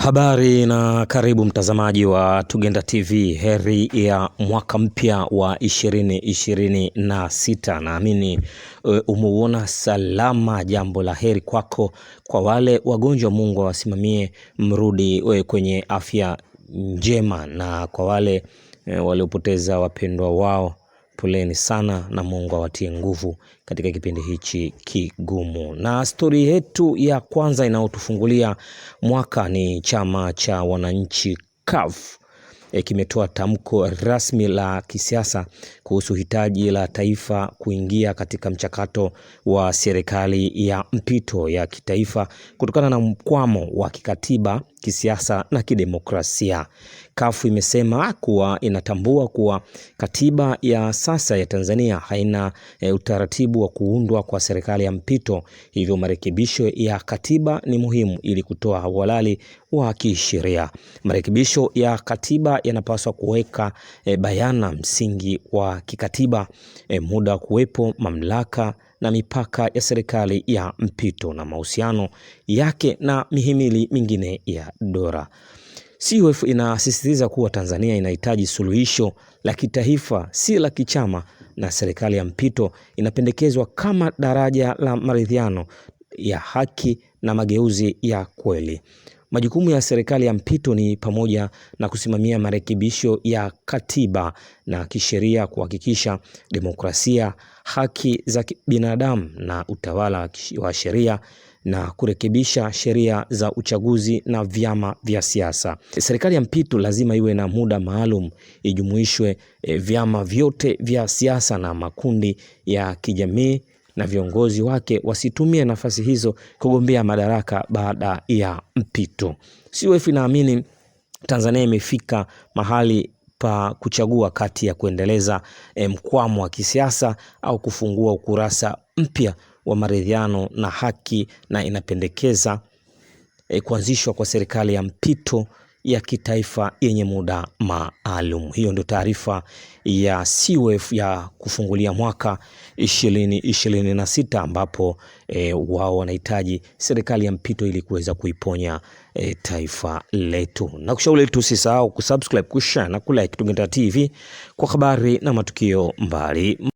Habari na karibu mtazamaji wa Tugenda TV. Heri ya mwaka mpya wa ishirini ishirini na sita. Naamini e, umeuona salama. Jambo la heri kwako, kwa wale wagonjwa, Mungu awasimamie mrudi e, kwenye afya njema, na kwa wale e, waliopoteza wapendwa wao poleni sana na Mungu awatie nguvu katika kipindi hichi kigumu. Na stori yetu ya kwanza inayotufungulia mwaka ni chama cha wananchi CUF e, kimetoa tamko rasmi la kisiasa kuhusu hitaji la taifa kuingia katika mchakato wa serikali ya mpito ya kitaifa kutokana na mkwamo wa kikatiba kisiasa na kidemokrasia. kafu imesema kuwa inatambua kuwa katiba ya sasa ya Tanzania haina e, utaratibu wa kuundwa kwa serikali ya mpito, hivyo marekebisho ya katiba ni muhimu ili kutoa uhalali wa kisheria. Marekebisho ya katiba yanapaswa kuweka e, bayana msingi wa kikatiba, e, muda wa kuwepo mamlaka na mipaka ya serikali ya mpito na mahusiano yake na mihimili mingine ya dola. CUF inasisitiza kuwa Tanzania inahitaji suluhisho la kitaifa, si la kichama, na serikali ya mpito inapendekezwa kama daraja la maridhiano ya haki na mageuzi ya kweli. Majukumu ya serikali ya mpito ni pamoja na kusimamia marekebisho ya katiba na kisheria, kuhakikisha demokrasia, haki za binadamu na utawala wa sheria na kurekebisha sheria za uchaguzi na vyama vya siasa. Serikali ya mpito lazima iwe na muda maalum, ijumuishwe eh, vyama vyote vya siasa na makundi ya kijamii na viongozi wake wasitumie nafasi hizo kugombea madaraka baada ya mpito. CUF inaamini Tanzania imefika mahali pa kuchagua kati ya kuendeleza eh, mkwamo wa kisiasa au kufungua ukurasa mpya wa maridhiano na haki na inapendekeza e, kuanzishwa kwa serikali ya mpito ya kitaifa yenye muda maalum. Hiyo ndio taarifa ya CUF ya kufungulia mwaka 2026 ambapo e, wao wanahitaji serikali ya mpito ili kuweza kuiponya e, taifa letu. Na kushauri tusisahau kusubscribe, kushare na kulike Tungenta TV kwa habari na matukio mbali